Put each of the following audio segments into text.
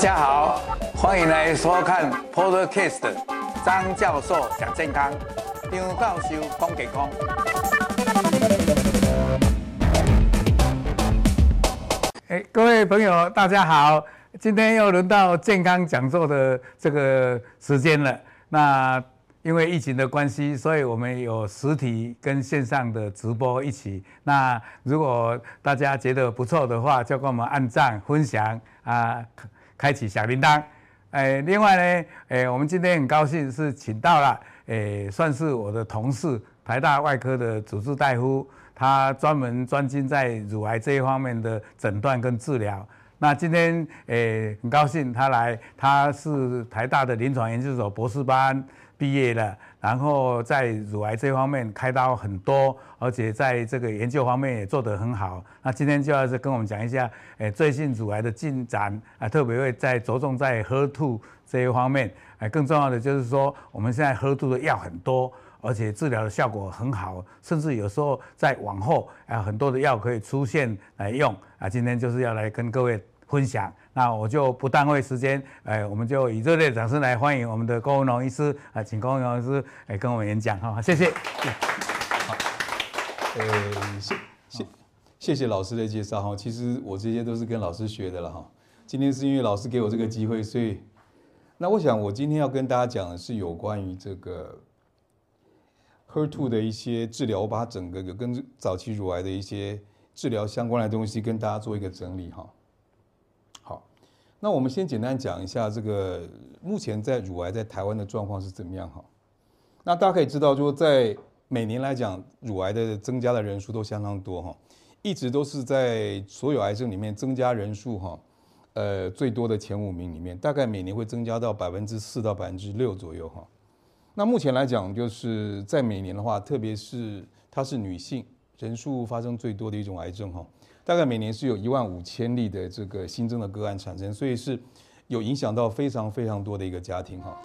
大家好，歡迎來收看 Podcast 的張教授講健康，張教授講健康、欸。各位朋友，大家好，今天又輪到健康講座的這個時間了。那因為疫情的關係，所以我們有實體跟線上的直播一起。那如果大家覺得不錯的話，就給我們按讚、分享啊。開啟小鈴鐺，誒、哎，另外呢，誒、哎，我們今天很高興是請到了，誒、哎，算是我的同事，台大外科的主治大夫，他專門專精在乳癌這一方面的診斷跟治療。那今天誒、哎，很高興他來，他是台大的臨床研究所博士班畢業的。然後在乳癌這一方面開刀很多，而且在這個研究方面也做得很好。那今天就要跟我們講一下，哎，最近乳癌的進展啊，特別會在着重在 HER2 這一方面。哎，更重要的就是說，我們現在 HER2 的藥很多，而且治療的效果很好，甚至有時候在往後啊，很多的藥可以出現來用。啊，今天就是要來跟各位分享。那我就不耽誤時間，哎，我們就以熱烈掌聲來歡迎我們的郭文宏醫師，啊，請郭文宏醫師來跟我們演講，哈，謝謝。好，呃，謝，謝，謝謝老師的介紹，哈，其實我這些都是跟老師學的了，哈，今天是因為老師給我這個機會，所以，那我想我今天要跟大家講的是有關於這個 HER2 的一些治療，我把整個的跟早期乳癌的一些治療相關的東西跟大家做一個整理，哈。那我們先簡單講一下這個目前在乳癌在台灣的狀況是怎麼樣哈。那大家可以知道，就在每年來講，乳癌的增加的人數都相當多哈，一直都是在所有癌症裡面增加人數哈，呃最多的前五名裡面，大概每年會增加到百分之四到百分之六左右哈。那目前來講，就是在每年的話，特別是它是女性人數發生最多的一種癌症哈。大概每年是有一萬五千例的這個新增的個案產生，所以是有影響到非常非常多的一個家庭哈。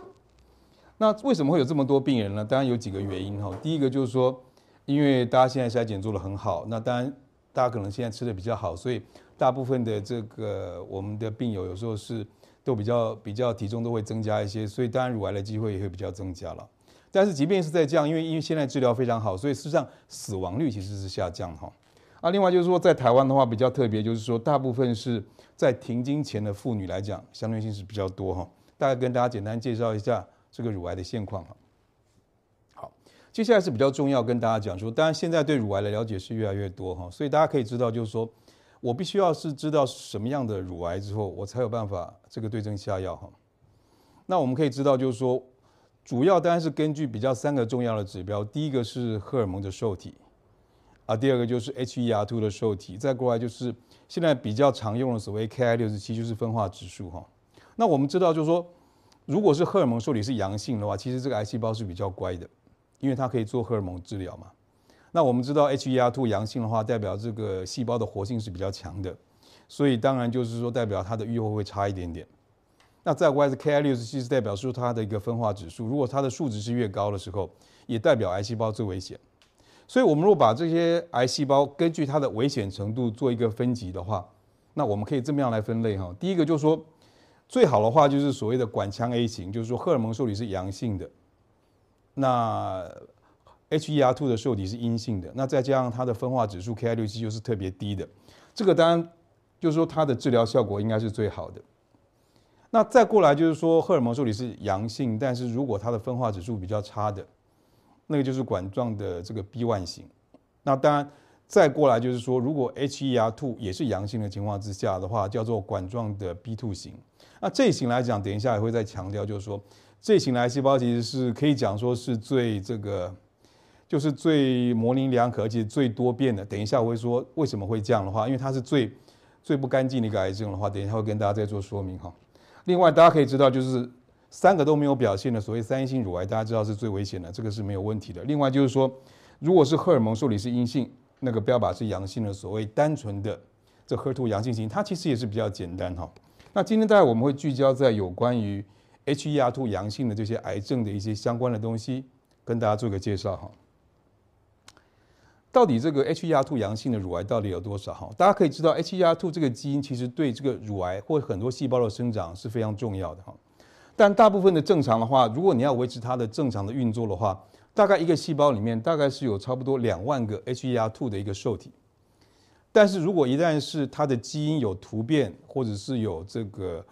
那為什麼會有這麼多病人呢？當然有幾個原因哈。第一個就是說，因為大家現在篩檢做得很好，那當然大家可能現在吃得比較好，所以大部分的這個我們的病友有時候是都比較比較體重都會增加一些，所以當然乳癌的機會也會比較增加了。但是即便是這樣，因為因為現在治療非常好，所以事實上死亡率其實是下降哈。啊，另外就是說，在台灣的話比較特別，就是說大部分是在停經前的婦女來講，相對性是比較多哈。大概跟大家簡單介紹一下這個乳癌的現況哈。好，接下來是比較重要跟大家講說，當然現在對乳癌的了解是越來越多哈，所以大家可以知道就是說，我必須要是知道什麼樣的乳癌之後，我才有辦法這個對症下藥哈。那我們可以知道就是說，主要當然是根據比較三個重要的指標，第一個是荷爾蒙的受體。啊，第二個就是 HER2 的受體，再過來就是現在比較常用的所謂 Ki 六十七，就是分化指數哈。那我們知道，就是說，如果是荷爾蒙受體是陽性的話，其實這個癌細胞是比較乖的，因為它可以做荷爾蒙治療嘛。那我們知道，HER2 陽性的話，代表這個細胞的活性是比較強的，所以當然就是說，代表它的預後會差一點點。那再過來是 Ki 六十七，是代表是它的一個分化指數，如果它的數值是越高的時候，也代表癌細胞最危險。所以，我們如果把這些癌細胞根據它的危險程度做一個分級的話，那我們可以這麼樣來分類哈。第一個就是說，最好的話就是所謂的管腔 A 型，就是說，荷爾蒙受體是陽性的，那 HER2 的受體是陰性的，那再加上它的分化指數 Ki 六七就是特別低的，這個當然就是說它的治療效果應該是最好的。那再過來就是說，荷爾蒙受體是陽性，但是如果它的分化指數比較差的。那個就是管狀的這個 B1 型，那當然再過來就是說，如果 HER2 也是陽性的情況之下的話，叫做管狀的 B2 型。那這一型來講，等一下也會再強調，就是說這一型的癌細胞其實是可以講說是最這個，就是最模棱兩可而且最多變的。等一下我會說為什麼會這樣的話，因為它是最最不乾淨的一個癌症的話，等一下會跟大家再做說明哈。另外大家可以知道就是。三個都沒有表現的所謂三陰性乳癌，大家知道是最危險的，這個是沒有問題的。另外就是說，如果是荷爾蒙受體是陰性，那個標靶是陽性的，所謂單純的這 HER2 陽性型，它其實也是比較簡單哈。那今天大家我們會聚焦在有關於 HER2 陽性的這些癌症的一些相關的東西，跟大家做個介紹哈。到底這個 HER2 陽性的乳癌到底有多少哈？大家可以知道 HER2 這個基因其實對這個乳癌或很多細胞的生長是非常重要的哈。但大部分的正常的話，如果你要維持它的正常的運作的話，大概一個細胞裡面大概是有差不多兩萬個 HER2 的一個受體。但是如果一旦是它的基因有突變，或者是有這個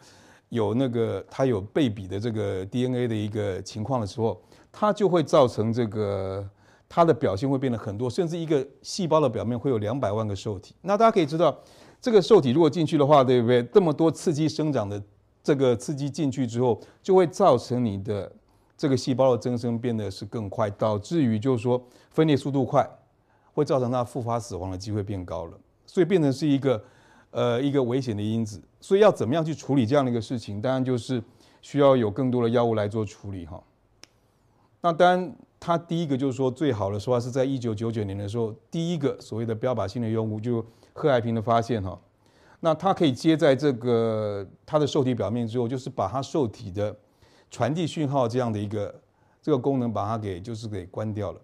有那個它有倍比的這個 DNA 的一個情況的時候，它就會造成這個它的表現會變得很多，甚至一個細胞的表面會有兩百萬個受體。那大家可以知道，這個受體如果進去的話，對不對？這麼多刺激生長的。這個刺激進去之後，就會造成你的這個細胞的增生變得是更快，導致於就是說分裂速度快，會造成它復發死亡的機會變高了，所以變成是一個呃一個危險的因子。所以要怎麼樣去處理這樣的一個事情，當然就是需要有更多的藥物來做處理哈。那當然它第一個就是說最好的說法是在一九九九年的時候，第一個所謂的標靶性的藥物就是賀癌平的發現哈。那它可以接在這個它的受體表面之後，就是把它受體的傳遞訊號這樣的一個這個功能把它給就是給關掉了。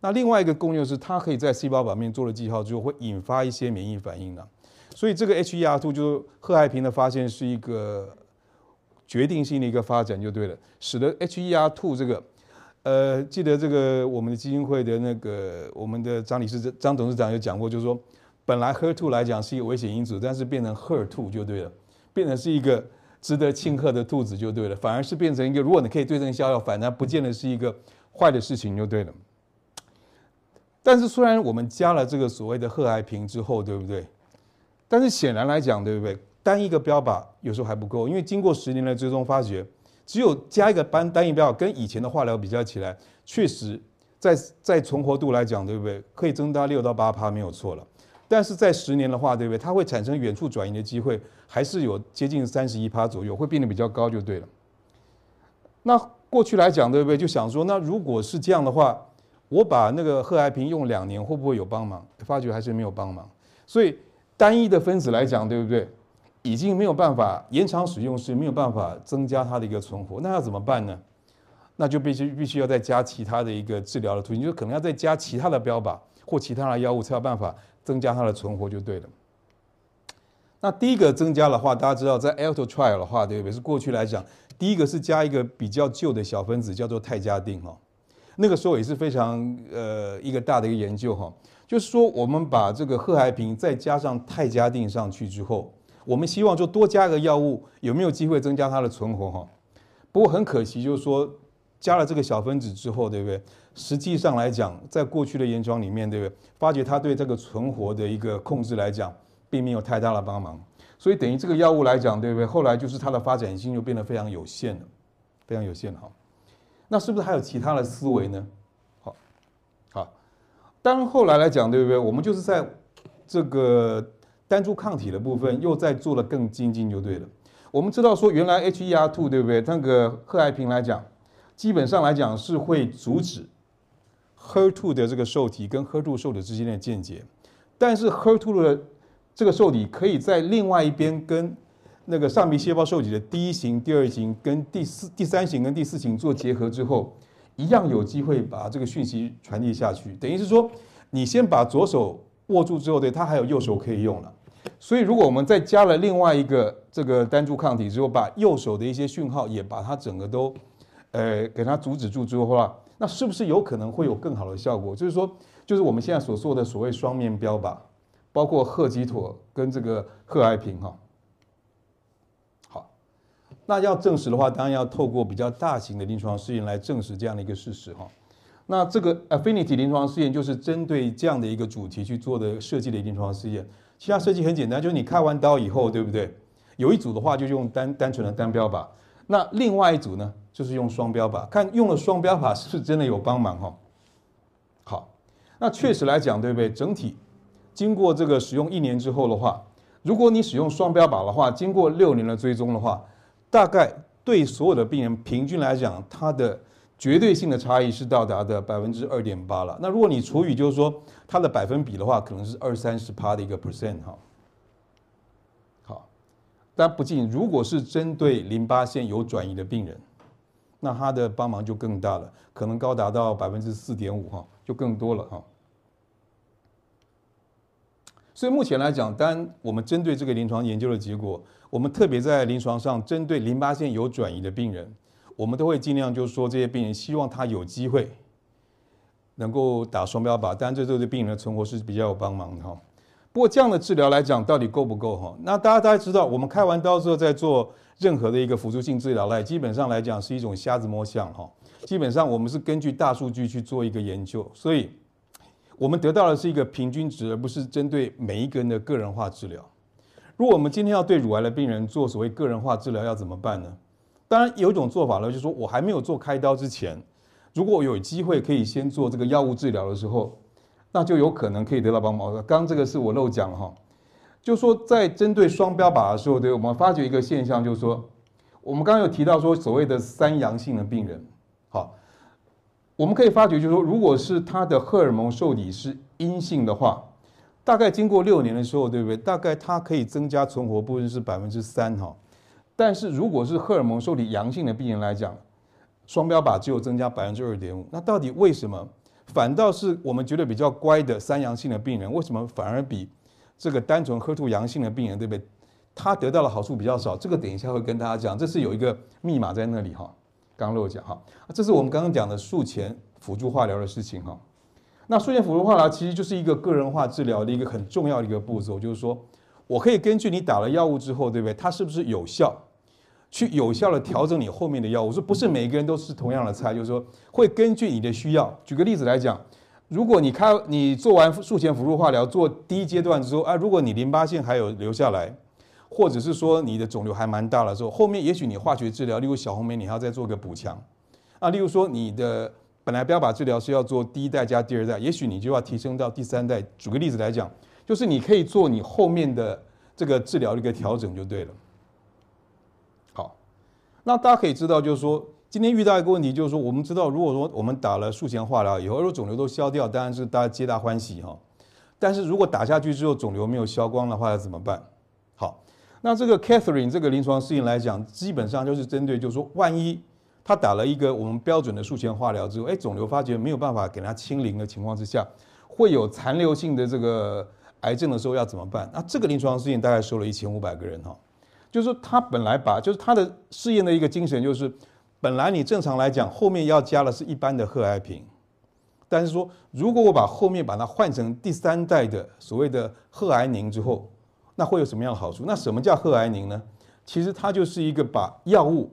那另外一個功用是它可以在細胞表面做了記號之後，會引發一些免疫反應呢、啊。所以這個 HER2 就是賀愛平的發現是一個決定性的一個發展就對了，使得 HER2 這個呃記得這個我們的基金會的那個我們的張理事張董事長有講過，就是說。本來 HER2 來講是一個危險因子，但是變成 HER2 就對了，變成是一個值得慶賀的兔子就對了，反而是變成一個，如果你可以對症下藥，反而不見得是一個壞的事情就對了。但是雖然我們加了這個所謂的賀癌平之後，對不對？但是顯然來講，對不對？單一個標靶有時候還不夠，因為經過十年的追蹤發覺，只有加一個單單一標靶跟以前的化療比較起來，確實在在存活度來講，對不對？可以增加六到八趴，沒有錯了。但是在十年的話，對不對？它會產生遠處轉移的機會，還是有接近三十一趴左右，會變得比較高，就對了。那過去來講，對不對？就想說，那如果是這樣的話，我把那個賀癌平用兩年，會不會有幫忙？發覺還是沒有幫忙。所以，單一的分子來講，對不對？已經沒有辦法延長使用時，是沒有辦法增加它的一個存活。那要怎麼辦呢？那就必須必須要再加其他的一個治療的途徑，就是、可能要再加其他的標靶或其他的藥物才有辦法。增加它的存活就對了。那第一個增加的話，大家知道在 ALTTO trial 的話，對不對？是過去來講，第一個是加一個比較舊的小分子，叫做泰嘉錠哈。那個時候也是非常呃一個大的一個研究哈，就是說我們把這個賀海平再加上泰嘉錠上去之後，我們希望就多加一個藥物，有沒有機會增加它的存活哈？不過很可惜，就是說加了這個小分子之後，對不對？實際上來講，在過去的研究裡面，對不對？發覺它對這個存活的一個控制來講，並沒有太大的幫忙，所以等於這個藥物來講，對不對？後來就是它的發展性就變得非常有限了，非常有限哈。那是不是還有其他的思維呢？好，好，但後來來講，對不對？我們就是在這個單株抗體的部分，又再做了更精進，就對了。我們知道說，原來 HER2，對不對？那個賀癌平來講，基本上來講是會阻止。HER2 的這個受體跟 HER2 受體之間的間接，但是 HER2 的這個受體可以在另外一邊跟那個上皮細胞受體的第一型、第二型、跟第四、第三型跟第四型做結合之後，一樣有機會把這個訊息傳遞下去。等於是說，你先把左手握住之後，對，它還有右手可以用了。所以，如果我們再加了另外一個這個單株抗體之後，把右手的一些訊號也把它整個都呃給它阻止住之後的話，那是不是有可能會有更好的效果？就是說，就是我們現在所做的所謂雙面標靶，包括賀疾妥跟這個賀癌平哈。好，那要證實的話，當然要透過比較大型的臨床試驗來證實這樣的一個事實哈。那這個 APHINITY 臨床試驗就是針對這樣的一個主題去做的設計的臨床試驗。其他設計很簡單，就是你開完刀以後，對不對？有一組的話就用單單純的單標靶，那另外一組呢？就是用雙標靶，看用了雙標靶是真的有幫忙哈、哦？好，那確實來講，對不對？整體經過這個使用一年之後的話，如果你使用雙標靶的話，經過六年的追蹤的話，大概對所有的病人平均來講，它的絕對性的差異是到達的百分之二點八了。那如果你除以就是說它的百分比的話，可能是二三十趴的一個 percent 哈、哦。好，但不僅如果是針對淋巴腺有轉移的病人。那他的幫忙就更大了，可能高達到百分之四點五哈，就更多了哈。所以目前來講，當我們針對這個臨床研究的結果，我們特別在臨床上針對淋巴腺有轉移的病人，我們都會盡量就是說這些病人希望他有機會能夠打雙標靶，當然這對這病人的存活是比較有幫忙的哈。不過這樣的治療來講，到底夠不夠哈？那大家大家知道，我們開完刀之後再做任何的一個輔助性治療來，基本上來講是一種瞎子摸象哈。基本上我們是根據大數據去做一個研究，所以我們得到的是一個平均值，而不是針對每一個人的個人化治療。如果我們今天要對乳癌的病人做所謂個人化治療，要怎麼辦呢？當然有一種做法呢，就是說我還沒有做開刀之前，如果有機會可以先做這個藥物治療的時候。那就有可能可以得到幫忙。剛，剛這個是我漏講哈，就說在針對雙標靶的時候，對，對，我們發覺一個現象，就是說，我們剛剛有提到說所謂的三陽性的病人，好，我們可以發覺就是說，如果是他的荷爾蒙受體是陰性的話，大概經過六年的時候，對不對？大概他可以增加存活部分是百分之三哈，但是如果是荷爾蒙受體陽性的病人來講，雙標靶只有增加百分之二點五，那到底為什麼？反倒是我們覺得比較乖的三陽性的病人，為什麼反而比這個單純 HER2 陽性的病人，對不對？他得到的好處比較少，這個等一下會跟大家講，這是有一個密碼在那裡哈。剛漏講哈，這是我們剛剛講的術前輔助化療的事情哈。那術前輔助化療其實就是一個個人化治療的一個很重要的一個步驟，就是說我可以根據你打了藥物之後，對不對？它是不是有效？去有效的調整你後面的藥物。我說不是每個人都是同樣的菜，就是說會根據你的需要。舉個例子來講，如果你開你做完術前輔助化療做第一階段的時候，啊，如果你淋巴腺還有留下來，或者是說你的腫瘤還蠻大的時候，後面也許你化學治療，例如小紅莓，你還要再做個補強。啊，例如說你的本來標靶治療是要做第一代加第二代，也許你就要提升到第三代。舉個例子來講，就是你可以做你後面的這個治療的一個調整就對了。那大家可以知道，就是說今天遇到一個問題，就是說我們知道，如果說我們打了術前化療以後，如果腫瘤都消掉，當然是大家皆大歡喜哈。但是如果打下去之後，腫瘤沒有消光的話，要怎麼辦？好，那這個 KATHERINE 這個臨床試驗來講，基本上就是針對，就是說萬一他打了一個我們標準的術前化療之後，哎，腫瘤發覺沒有辦法給他清零的情況之下，會有殘留性的這個癌症的時候要怎麼辦？那這個臨床試驗大概收了一千五百個人哈。就是他本來把，就是他的試驗的一個精神，就是本來你正常來講，後面要加的是一般的賀癌平，但是說如果我把後面把它換成第三代的所謂的賀癌寧之後，那會有什麼樣的好處？那什麼叫賀癌寧呢？其實它就是一個把藥物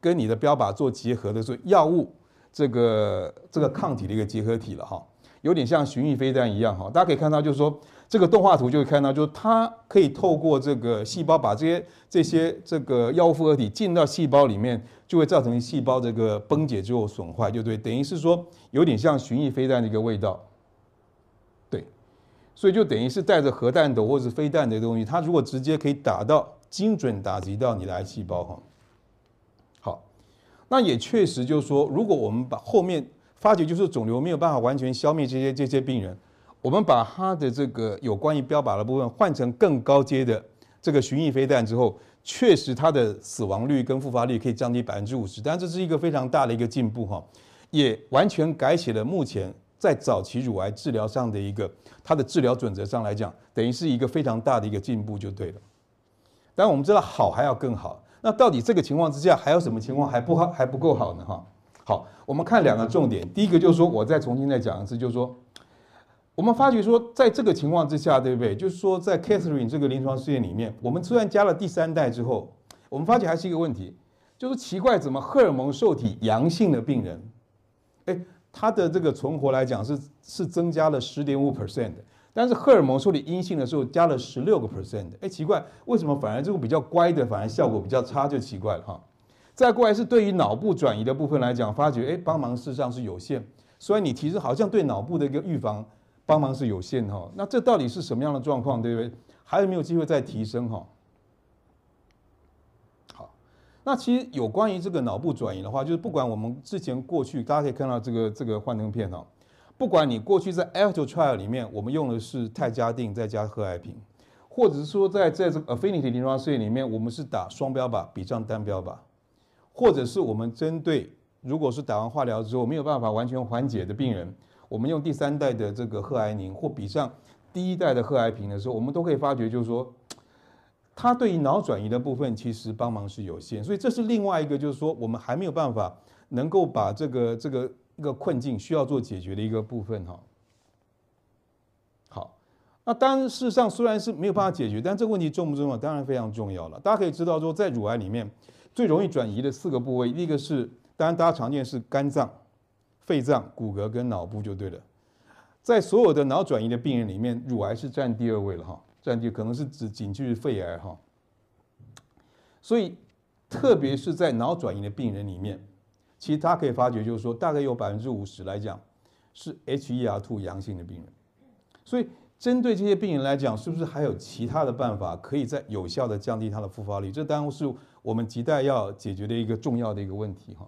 跟你的標靶做結合的，說藥物這個這個抗體的一個結合體了哈，有點像巡弋飛彈一樣哈，大家可以看到就是說。這個動畫圖就會看到，就是它可以透過這個細胞把這些這些這個藥物複合體進到細胞裡面，就會造成細胞這個崩解之後損壞，就對，等於是說有點像巡弋飛彈的一個味道，對，所以就等於是帶着核彈頭或者是飛彈的東西，它如果直接可以打到精準打擊到你的癌細胞哈。好，那也確實就是說，如果我們把後面發覺就是腫瘤沒有辦法完全消滅這些這些病人。我們把它的這個有關於標靶的部分換成更高階的這個巡弋飛彈之後，確實它的死亡率跟復发率可以降低百分之五十，但這是一個非常大的一個進步哈，也完全改寫了目前在早期乳癌治療上的一個它的治療準則上來講，等於是一個非常大的一個進步就對了。但我們知道好還要更好，那到底這個情況之下還有什麼情況還不好還不夠好呢哈？好，我們看兩個重點，第一個就是說我再重新再講一次，就是說。我們發覺說，在這個情況之下，對不對？就是說，在 Catherine 這個臨床試驗裡面，我們雖然加了第三代之後，我們發覺還是一個問題，就是奇怪，怎麼荷爾蒙受體陽性的病人，誒，他的這個存活來講是是增加了十點五 percent 的，但是荷爾蒙受體陰性的時候加了十六個 percent 的，誒，奇怪，為什麼反而這個比較乖的反而效果比較差就奇怪了哈？再過來是對於腦部轉移的部分來講，發覺哎，幫忙事實上是有限，所以你其實好像對腦部的一個預防。幫忙是有限的哈，那這到底是什麼樣的狀況，對不對？還有沒有機會再提升哈？好，那其實有關於這個腦部轉移的話，就是不管我們之前過去，大家可以看到這個這個幻燈片哈，不管你過去在 ALTTO trial 裡面，我們用的是泰嘉錠再加賀癌平，或者是說在在這個 affinity 臨床試驗裡面，我們是打雙標靶比上單標靶，或者是我們針對如果是打完化療之後沒有辦法完全緩解的病人。我們用第三代的這個賀癌寧，或比上第一代的賀癌平的時候，我們都可以發覺，就是說，它對於腦轉移的部分其實幫忙是有限。所以這是另外一個，就是說我們還沒有辦法能夠把這個這個一個困境需要做解決的一個部分哈。好，那當然，事實上雖然是沒有辦法解決，但這個問題重不重要？當然非常重要了。大家可以知道說，在乳癌裡面最容易轉移的四個部位，一個是當然大家常見是肝臟。肺臟、骨骼跟腦部就對了。在所有的腦轉移的病人裡面，乳癌是佔第二位了哈，佔據可能是只僅次於肺癌哈、哦。所以，特別是在腦轉移的病人裡面，其實他可以發覺，就是說大概有百分之五十來講是 HER2 陽性的病人。所以，針對這些病人來講，是不是還有其他的辦法，可以再有效的降低他的復發率？這當然是我們亟待要解決的一個重要的一個問題哈。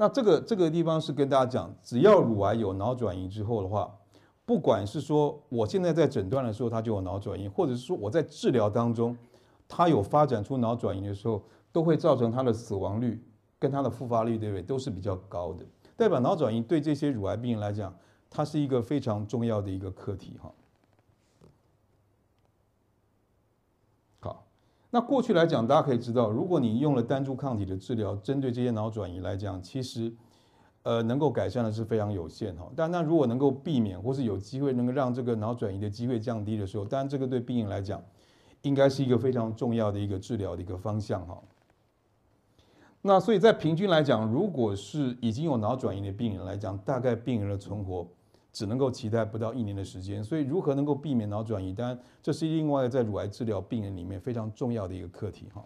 那這個這個地方是跟大家講，只要乳癌有腦轉移之後的話，不管是說我現在在診斷的時候它就有腦轉移，或者是說我在治療當中，它有發展出腦轉移的時候，都會造成它的死亡率跟它的復發率，對不對？都是比較高的。代表腦轉移對這些乳癌病人來講，它是一個非常重要的一個課題，哈。那過去來講，大家可以知道，如果你用了單株抗體的治療，針對這些腦轉移來講，其實，呃，能夠改善的是非常有限哈。但那如果能夠避免或是有機會能夠讓這個腦轉移的機會降低的時候，當然這個對病人來講，應該是一個非常重要的一個治療的一個方向哈。那所以在平均來講，如果是已經有腦轉移的病人來講，大概病人的存活。只能夠期待不到一年的時間，所以如何能夠避免腦轉移？當然，這是另外在乳癌治療病人裡面非常重要的一個課題哈。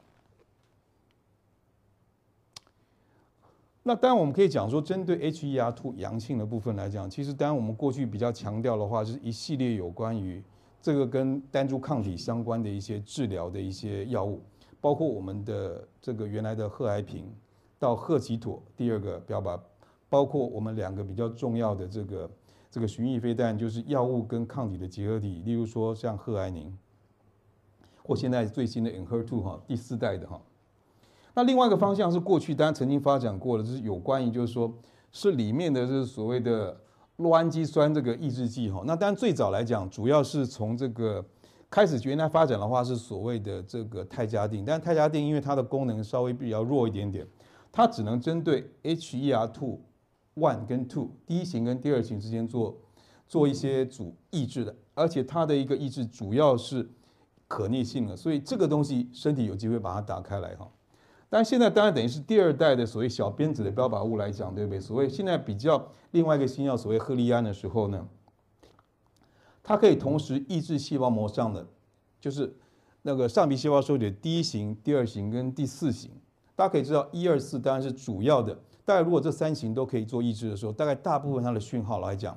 那當然，我們可以講說，針對 HER2 陽性的部分來講，其實當然我們過去比較強調的話，就是一系列有關於這個跟單株抗體相關的一些治療的一些藥物，包括我們的這個原來的賀癌平到賀疾妥，第二個標靶，包括我們兩個比較重要的這個。這個巡弋飛彈就是藥物跟抗體的結合體，例如說像賀癌寧，或現在最新的 Enhertu 哈，第四代的哈。那另外一個方向是過去當然曾經發展過的，就是有關於就是說是裡面的就是所謂的酪氨酸這個抑制劑哈。那當然最早來講，主要是從這個開始原來發展的話是所謂的這個泰嘉定，但泰嘉定因為它的功能稍微比較弱一點點，它只能針對 HER2。one 跟 two 第一型跟第二型之間做做一些阻抑制的，而且它的一個抑制主要是可逆性的，所以這個東西身體有機會把它打開來哈。但是現在當然等於是第二代的所謂小分子的標靶物來講，對不對？所謂現在比較另外一個新藥，所謂赫利安的時候呢，它可以同時抑制細胞膜上的就是那個上皮細胞受體第一型、第二型,型跟第四型。大家可以知道一二四當然是主要的。大概如果這三型都可以做抑制的時候，大概大部分它的訊號來講，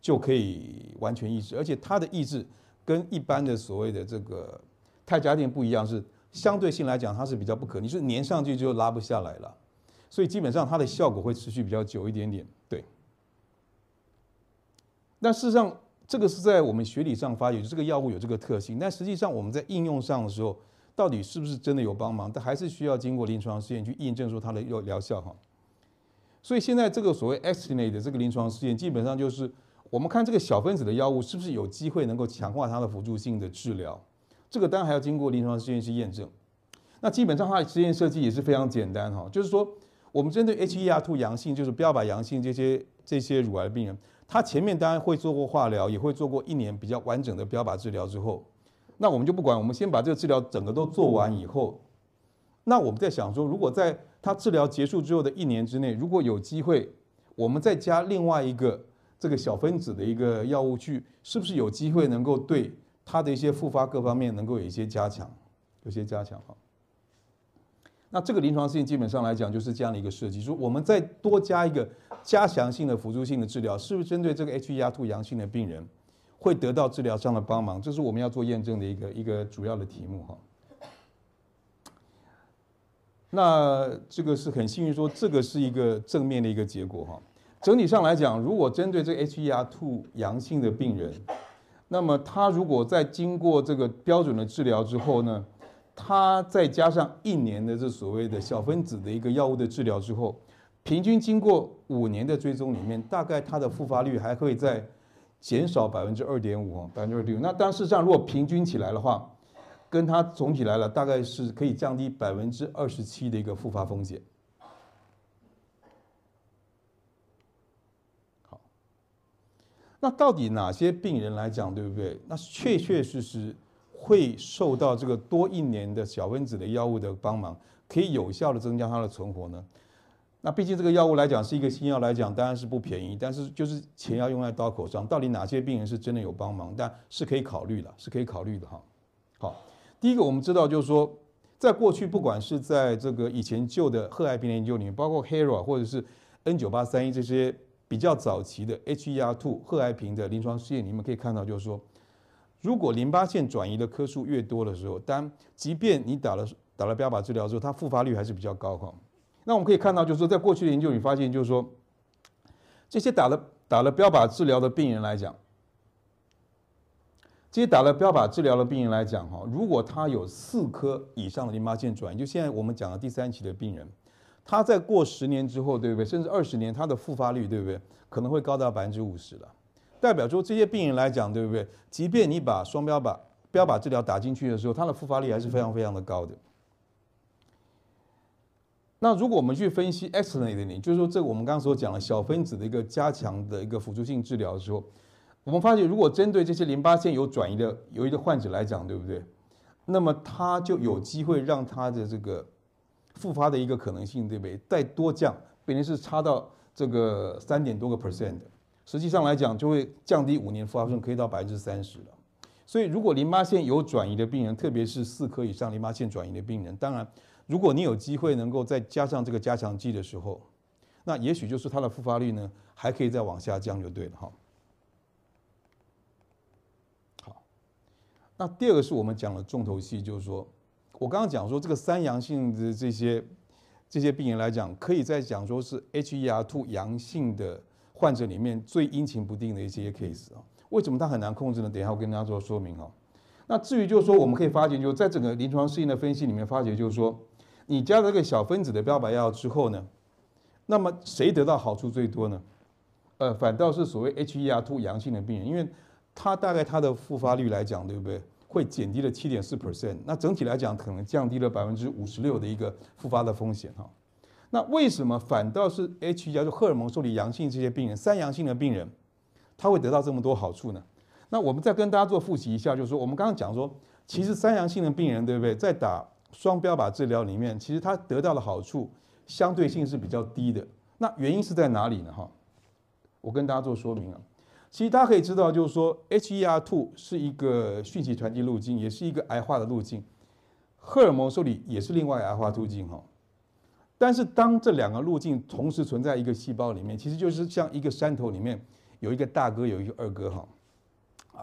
就可以完全抑制。而且它的抑制跟一般的所謂的這個泰嘉錠不一樣，是相對性來講，它是比較不可逆，就是粘上去就拉不下來了。所以基本上它的效果會持續比較久一點點。對。那事實上，這個是在我們學理上發現、就是、這個藥物有這個特性，但實際上我們在應用上的時候，到底是不是真的有幫忙？它還是需要經過臨床試驗去驗證說它的藥療效哈。所以現在這個所謂 ExteNET 的這個臨床試驗，基本上就是我們看這個小分子的藥物是不是有機會能夠強化它的輔助性的治療。這個當然還要經過臨床試驗去驗證。那基本上它的試驗設計也是非常簡單哈，就是說我們針對 HER2 陽性，就是標靶陽性這些這些乳癌病人，他前面當然會做過化療，也會做過一年比較完整的標靶治療之後，那我們就不管，我們先把這個治療整個都做完以後，那我們在想說，如果在它治療結束之後的一年之內，如果有機會，我們再加另外一個這個小分子的一個藥物去，是不是有機會能夠對它的一些復發各方面能夠有一些加強，有些加強哈。那這個臨床性基本上來講就是這樣的一個設計，說、就是、我們再多加一個加強性的輔助性的治療，是不是針對這個 HER2 陽性的病人會得到治療上的幫忙？這是我們要做驗證的一個一個主要的題目哈。那這個是很幸運，說這個是一個正面的一個結果哈。整體上來講，如果針對這個 HER2 陽性的病人，那麼他如果在經過這個標準的治療之後呢，他再加上一年的這所謂的小分子的一個藥物的治療之後，平均經過五年的追蹤裡面，大概他的復發率還可以再減少百分之二點五，百分之二點五。那但實際上如果平均起來的話，跟它總體來了，大概是可以降低百分之二十七的一個復發風險。好，那到底哪些病人來講，對不對？那確確實實會受到這個多一年的小分子的藥物的幫忙，可以有效的增加它的存活呢？那畢竟這個藥物來講是一個新藥來講，當然是不便宜，但是就是錢要用在刀口上。到底哪些病人是真的有幫忙？但是可以考慮的，是可以考慮的哈。好,好。第一個我們知道就是說，在過去不管是在這個以前舊的賀癌平的研究裡面，包括 HERA 或者是 N9831 這些比較早期的 HER2 賀癌平的臨床試驗，你們可以看到就是說，如果淋巴腺轉移的顆數越多的時候，當即便你打了打了標靶治療之後，它復發率還是比較高哈。那我們可以看到就是說，在過去的研究裡發現就是說，這些打了打了標靶治療的病人來講。這些打了標靶治療的病人來講，哈，如果他有四顆以上的淋巴腺轉移，就現在我們講的第三期的病人，他在過十年之後，對不對？甚至二十年，他的復發率，對不對？可能會高達百分之五十了。代表說這些病人來講，對不對？即便你把雙標靶標靶治療打進去的時候，它的復發率還是非常非常的高的。那如果我們去分析 X 類的，也就是說，這個我們剛所講的小分子的一個加強的一個輔助性治療的時候。我們發現，如果針對這些淋巴腺有轉移的有一個患者來講，對不對？那麼他就有機會讓他的這個復發的一個可能性，對不對？再多降，變成是差到這個三點多個 percent 的，實際上來講就會降低五年復發率，可以到百分之三十了。所以，如果淋巴腺有轉移的病人，特別是四顆以上淋巴腺轉移的病人，當然，如果你有機會能夠再加上這個加強劑的時候，那也許就是它的復發率呢還可以再往下降，就對了哈。那第二個是我們講的重頭戲，就是說，我剛剛講說這個三陽性的這些這些病人來講，可以再講說是 HER2 陽性的患者裡面最陰晴不定的一些 case 啊。為什麼他很難控制呢？等一下我跟大家做說明啊。那至於就是說，我們可以發覺，就是在整個臨床試驗的分析裡面發覺，就是說，你加了這個小分子的標靶藥之後呢，那麼誰得到好處最多呢？呃，反倒是所謂 HER2 陽性的病人，因為他大概他的復發率來講，對不對？會減低了七點四 percent，那整體來講可能降低了百分之五十六的一個復發的風險哈。那為什麼反倒是 H 1就荷爾蒙受體陽性這些病人，三陽性的病人，他會得到這麼多好處呢？那我們再跟大家做複習一下，就是說我們剛剛講說，其實三陽性的病人，對不對？在打雙標靶治療裡面，其實他得到的好處相對性是比較低的。那原因是在哪裡呢？哈，我跟大家做說明啊。其實大家可以知道，就是說，HER2 是一個訊息傳遞路徑，也是一個癌化的路徑。荷爾蒙受體也是另外一個癌化途徑哈。但是當這兩個路徑同時存在一個細胞裡面，其實就是像一個山頭裡面有一個大哥，有一個二哥哈。啊，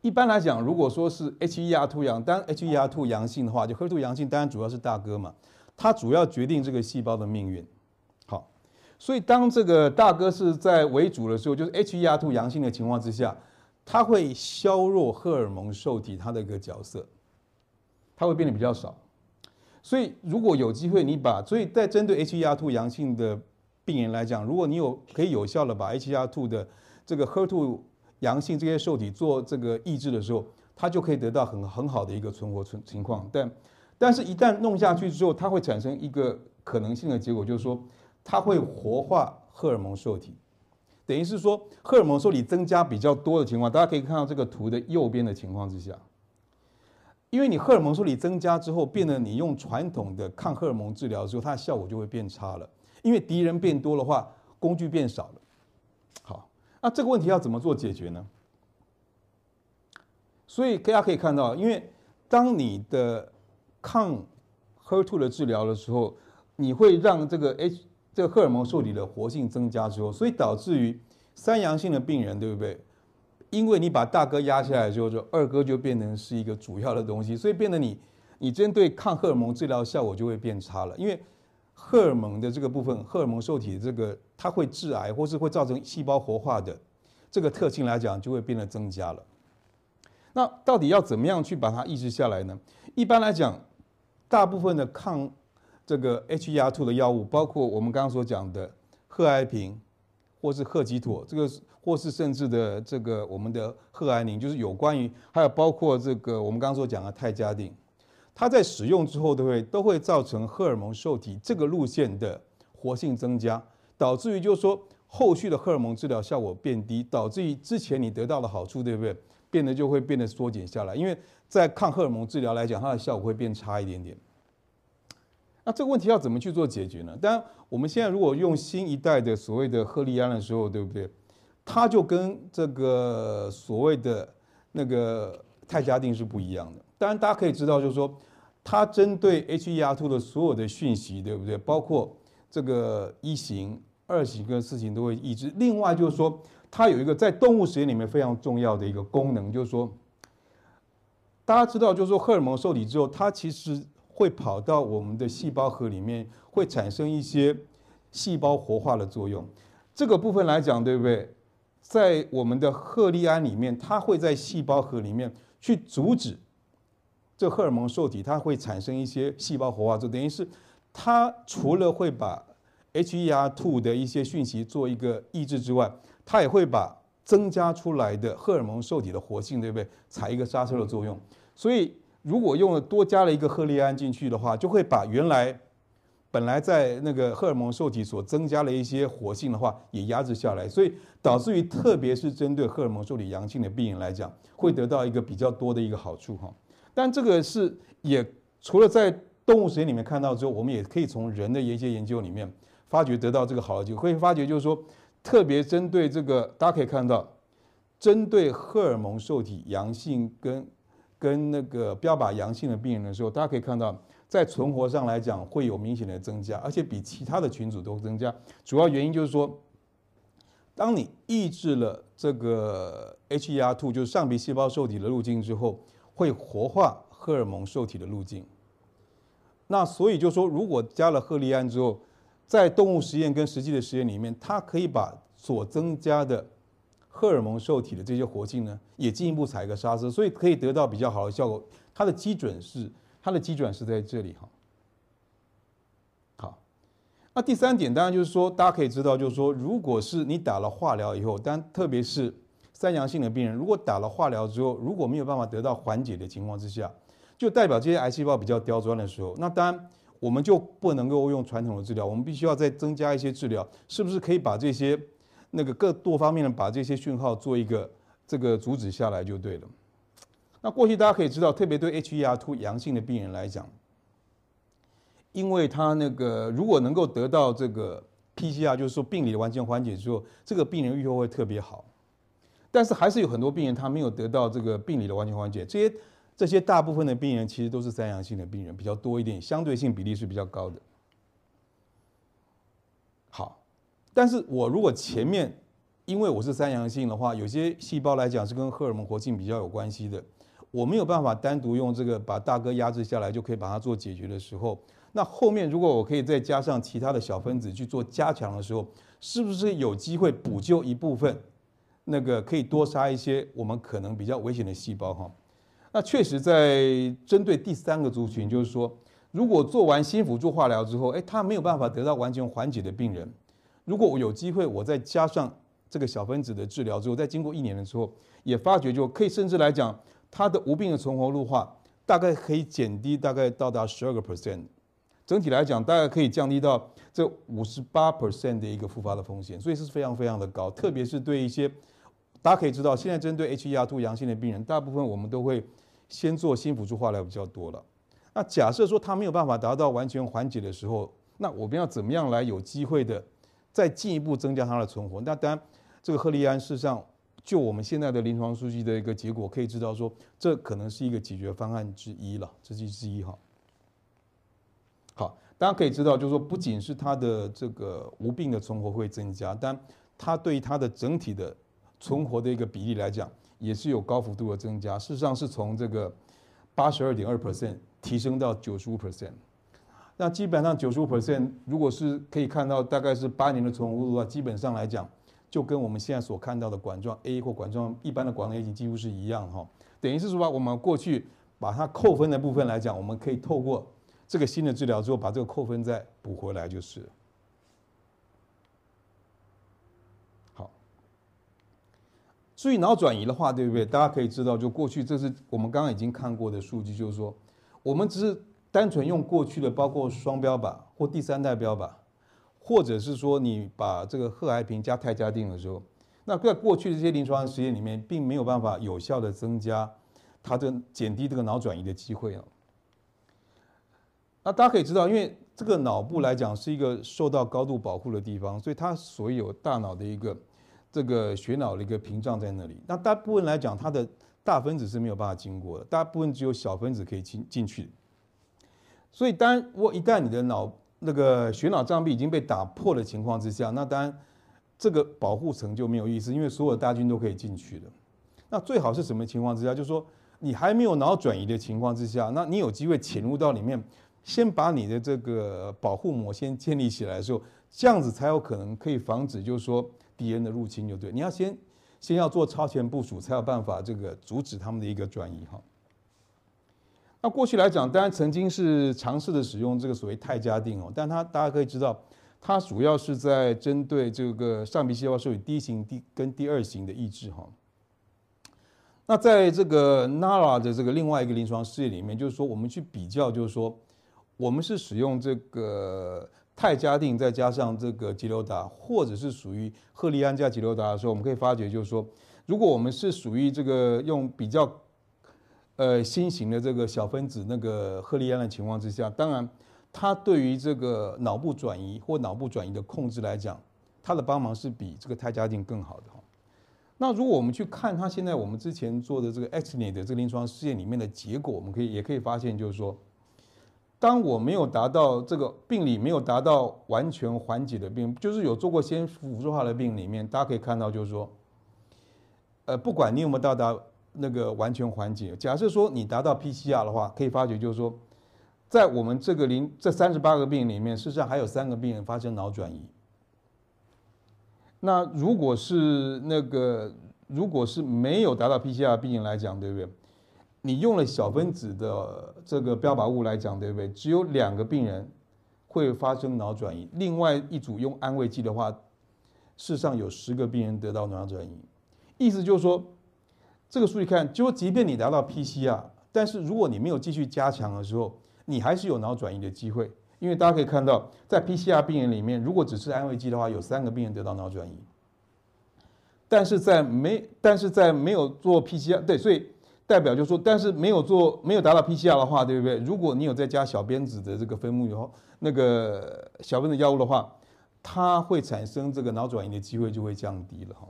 一般來講，如果說是 HER2 陽，當 HER2 陽性的話，就 HER2 陽性，當然主要是大哥嘛，它主要決定這個細胞的命運。所以，當這個大哥是在為主的時候，就是 HER2 陽性的情況之下，它會削弱荷爾蒙受體它的一個角色，它會變得比較少。所以，如果有機會，你把所以在針對 HER2 陽性的病人來講，如果你有可以有效的把 HER2 的這個 HER2 陽性這些受體做這個抑制的時候，它就可以得到很很好的一個存活存情況。但，但是一旦弄下去之後，它會產生一個可能性的結果，就是說。它會活化荷爾蒙受體，等於是說荷爾蒙受體增加比較多的情況，大家可以看到這個圖的右邊的情況之下，因為你荷爾蒙受體增加之後，變得你用傳統的抗荷爾蒙治療的時候，它的效果就會變差了，因為敵人變多的話，工具變少了。好，那這個問題要怎麼做解決呢？所以大家可以看到，因為當你的抗 HER2 的治療的時候，你會讓這個 h 這個荷爾蒙受體的活性增加之後，所以導致於三陽性的病人，對不對？因為你把大哥壓下來之後，就二哥就變成是一個主要的東西，所以變得你你針對抗荷爾蒙治療效果就會變差了。因為荷爾蒙的這個部分，荷爾蒙受體這個它會致癌，或是會造成細胞活化的這個特性來講，就會變得增加了。那到底要怎麼樣去把它抑制下來呢？一般來講，大部分的抗這個 HER2 的藥物，包括我們剛剛所講的賀癌平，或是賀疾妥，這個或是甚至的這個我們的賀癌寧，就是有關於還有包括這個我們剛剛所講的泰嘉錠，它在使用之後，都會都會造成荷爾蒙受體這個路線的活性增加，導致於就是說後續的荷爾蒙治療效果變低，導致於之前你得到的好處，對不對？變得就會變得縮減下來，因為在抗荷爾蒙治療來講，它的效果會變差一點點。那這個問題要怎麼去做解決呢？當然，我們現在如果用新一代的所謂的赫利安的時候，對不對？它就跟這個所謂的那個泰嘉定是不一樣的。當然，大家可以知道，就是說它針對 HER2 的所有的訊息，對不對？包括這個一型、二型跟四型都會抑制。另外，就是說它有一個在動物實驗裡面非常重要的一個功能，就是說大家知道，就是說荷爾蒙受體之後，它其實。會跑到我們的細胞核裡面，會產生一些細胞活化的作用。這個部分來講，對不對？在我們的賀儷安裡面，它會在細胞核裡面去阻止這荷爾蒙受體，它會產生一些細胞活化，就等於是它除了會把 HER2 的一些訊息做一個抑制之外，它也會把增加出來的荷爾蒙受體的活性，對不對？踩一個剎車的作用。所以。如果用了多加了一個賀儷安進去的話，就會把原來本來在那個荷爾蒙受體所增加了一些活性的話，也壓制下來。所以導致於，特別是針對荷爾蒙受體陽性的病人來講，會得到一個比較多的一個好處哈。但這個是也除了在動物實驗裡面看到之後，我們也可以從人的一些研究裡面發覺得到這個好處。會,會發覺就是說，特別針對這個，大家可以看到，針對荷爾蒙受體陽性跟跟那個標靶陽性的病人的時候，大家可以看到，在存活上來講會有明顯的增加，而且比其他的群組都增加。主要原因就是說，當你抑制了這個 HER2，就是上皮細胞受體的路徑之後，會活化荷爾蒙受體的路徑。那所以就說，如果加了赫利安之後，在動物實驗跟實際的實驗裡面，它可以把所增加的。荷爾蒙受體的這些活性呢，也進一步踩個剎車。所以可以得到比較好的效果。它的基準是，它的基準是在這裡哈。好,好，那第三點當然就是說，大家可以知道，就是說，如果是你打了化療以後，但特別是三陽性的病人，如果打了化療之後，如果沒有辦法得到緩解的情況之下，就代表這些癌細胞比較刁鑽的時候，那當然我們就不能夠用傳統的治療，我們必須要再增加一些治療，是不是可以把這些？那個各多方面的把這些訊號做一個這個阻止下來就對了。那過去大家可以知道，特別對 HER2 陽性的病人來講，因為他那個如果能夠得到這個 PCR，就是說病理的完全緩解之後，這個病人預後會特別好。但是還是有很多病人他沒有得到這個病理的完全緩解，這些這些大部分的病人其實都是三陽性的病人比較多一點，相對性比例是比較高的。好。但是我如果前面，因為我是三陽性的話，有些細胞來講是跟荷爾蒙活性比較有關係的，我沒有辦法單獨用這個把大哥壓制下來，就可以把它做解決的時候，那後面如果我可以再加上其他的小分子去做加強的時候，是不是有機會補救一部分？那個可以多殺一些我們可能比較危險的細胞哈？那確實在針對第三個族群，就是說，如果做完新輔助化療之後，誒，他沒有辦法得到完全緩解的病人，如果我有機會，我再加上這個小分子的治療之後，再經過一年的時候，也發覺就可以，甚至來講，它的無病的存活率化大概可以減低大概到達十二個 percent，整體來講大概可以降低到這五十八 percent 的一個復發的風險，所以是非常非常的高，特別是對一些，大家可以知道，現在針對 HER2 陽性的病人，大部分我們都會先做新輔助化療比較多了。那假設說他沒有辦法達到完全緩解的時候，那我們要怎麼樣來有機會的？再進一步增加它的存活，那當然，這個赫利安事實上，就我們現在的臨床數據的一個結果，可以知道說，這可能是一個解決方案之一了，之一哈。好，大家可以知道，就是說，不僅是它的這個無病的存活會增加，但它對它的整體的存活的一個比例來講，也是有高幅度的增加。事實上，是從這個八十二點二 percent 提升到九十五 percent。那基本上九十五 percent，如果是可以看到，大概是八年的存活率的話，基本上來講，就跟我們現在所看到的管狀 A 或管狀一般的管狀 A 幾乎是一樣哈。等於是說，我們過去把它扣分的部分來講，我們可以透過這個新的治療之後，把這個扣分再補回來就是。好，所以腦轉移的話，對不對？大家可以知道，就過去這是我們剛剛已經看過的數據，就是說，我們只是。單純用過去的，包括雙標靶或第三代標靶，或者是說你把這個賀癌平加泰嘉錠的時候，那在過去這些臨床實驗裡面，並沒有辦法有效的增加它的減低這個腦轉移的機會哦。那大家可以知道，因為這個腦部來講是一個受到高度保護的地方，所以它所有大腦的一個這個血腦的一個屏障在那裡。那大部分來講，它的大分子是沒有辦法經過的，大部分只有小分子可以進進去。所以，當我一旦你的腦那個血腦障壁已經被打破的情況之下，那當然這個保護層就沒有意思，因為所有大軍都可以進去的。那最好是什麼情況之下？就是說你還沒有腦轉移的情況之下，那你有機會潛入到裡面，先把你的這個保護膜先建立起來的時候，這樣子才有可能可以防止，就是說敵人的入侵，就對。你要先先要做超前部署，才有辦法這個阻止他們的一個轉移哈。那過去來講，當然曾經是嘗試著使用這個所謂泰嘉錠哦，但它大家可以知道，它主要是在針對這個上皮細胞受體第一型、第跟第二型的抑制哈。那在這個 NALA 的這個另外一個臨床試驗裡面，就是說我們去比較，就是說我們是使用這個泰嘉錠再加上這個截瘤達，或者是屬於賀儷安加截瘤達的時候，我們可以發覺就是說，如果我們是屬於這個用比較。呃，新型的這個小分子那個賀儷安的情況之下，當然，它對於這個腦部轉移或腦部轉移的控制來講，它的幫忙是比這個泰嘉錠更好的。那如果我們去看它現在我們之前做的這個 ExteNET 的這個臨床試驗裡面的結果，我們可以也可以發現，就是說，當我沒有達到這個病理沒有達到完全緩解的病，就是有做過先輔助化的病裡面，大家可以看到，就是說，呃，不管你有沒有到達。那個完全緩解，假設說你達到 PCR 的話，可以發覺就是說，在我們這個零這三十八個病人裡面，事實上還有三個病人發生腦轉移。那如果是那個如果是沒有達到 PCR 的病人來講，對不對？你用了小分子的這個標靶物來講，對不對？只有兩個病人會發生腦轉移。另外一組用安慰劑的話，事實上有十個病人得到腦轉移。意思就是說，這個數據看，就即便你達到 PCR，但是如果你沒有繼續加強的時候，你還是有腦轉移的機會。因為大家可以看到，在 PCR 病人裡面，如果只吃安慰劑的話，有三個病人得到腦轉移。但是在沒但是在沒有做 PCR，對，所以代表就是說，但是沒有做沒有達到 PCR 的話，對不對？如果你有再加小分子的這個分母以後，那個小分子藥物的話，它會產生這個腦轉移的機會就會降低了哈。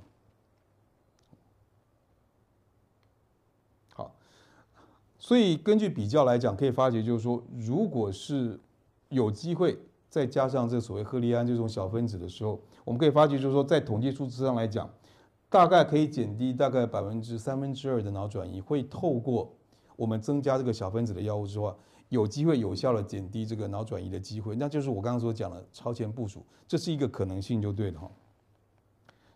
所以根據比較來講，可以發覺就是說，如果是有機會再加上這所謂赫利安這種小分子的時候，我們可以發覺就是說，在統計數字上來講，大概可以減低大概百分之三分之二的腦轉移，會透過我們增加這個小分子的藥物之後，有機會有效的減低這個腦轉移的機會。那就是我剛剛所講的超前部署，這是一個可能性就對了。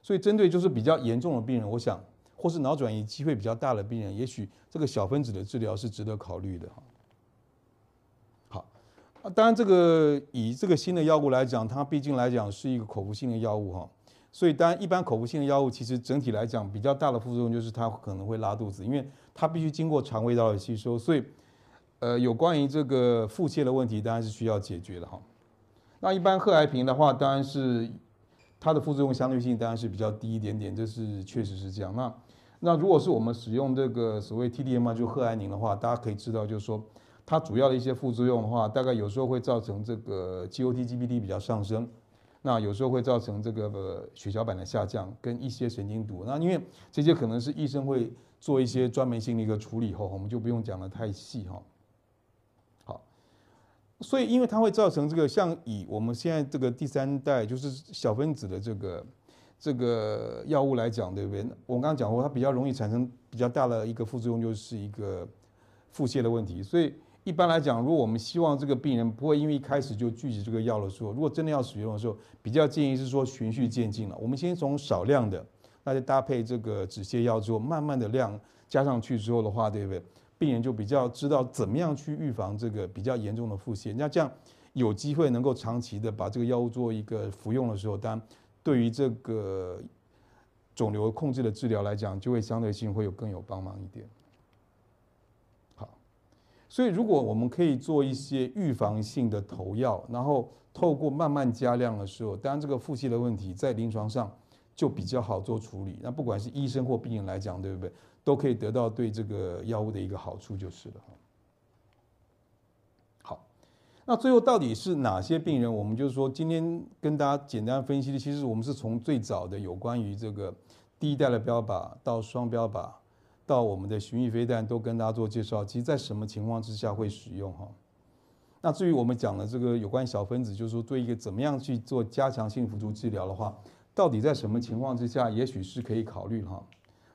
所以針對就是比較嚴重的病人，我想。或是腦轉移機會比較大的病人，也許這個小分子的治療是值得考慮的哈。好，當然這個以這個新的藥物來講，它畢竟來講是一個口服性的藥物哈，所以當然一般口服性的藥物，其實整體來講比較大的副作用就是它可能會拉肚子，因為它必須經過腸胃道的吸收，所以呃，有關於這個腹瀉的問題當然是需要解決的哈。那一般賀癌平的話，當然是它的副作用相對性當然是比較低一點點，這是確實是這樣。那那如果是我們使用這個所謂 T-DM1，就賀癌寧的話，大家可以知道，就是說它主要的一些副作用的話，大概有時候會造成這個 GOT、GPT 比較上升，那有時候會造成這個血小板的下降跟一些神經毒。那因為這些可能是醫生會做一些專門性的一個處理哈，我們就不用講的太細哈。好，所以因為它會造成這個像以我們現在這個第三代就是小分子的這個。這個藥物來講，對不對？我剛剛講過，它比較容易產生比較大的一個副作用，就是一個腹瀉的問題。所以，一般來講，如果我們希望這個病人不會因為一開始就拒絕這個藥的時候，如果真的要使用的時候，比較建議是說循序漸進了。我們先從少量的，那就搭配這個止瀉藥之後，慢慢的量加上去之後的話，對不對？病人就比較知道怎麼樣去預防這個比較嚴重的腹瀉。那這樣有機會能夠長期的把這個藥物做一個服用的時候，當對於這個腫瘤控制的治療來講，就會相對性會有更有幫忙一點。好，所以如果我們可以做一些預防性的投藥，然後透過慢慢加量的時候，當然這個腹瀉的問題在臨床上就比較好做處理。那不管是醫生或病人來講，對不對？都可以得到對這個藥物的一個好處就是了。那最後到底是哪些病人？我們就是說，今天跟大家簡單分析的，其實我們是從最早的有關於這個第一代的標靶，到雙標靶，到我們的巡弋飛彈，都跟大家做介紹。其實，在什麼情況之下會使用哈？那至於我們講的這個有關小分子，就是說對一個怎麼樣去做加強性輔助治療的話，到底在什麼情況之下，也許是可以考慮哈？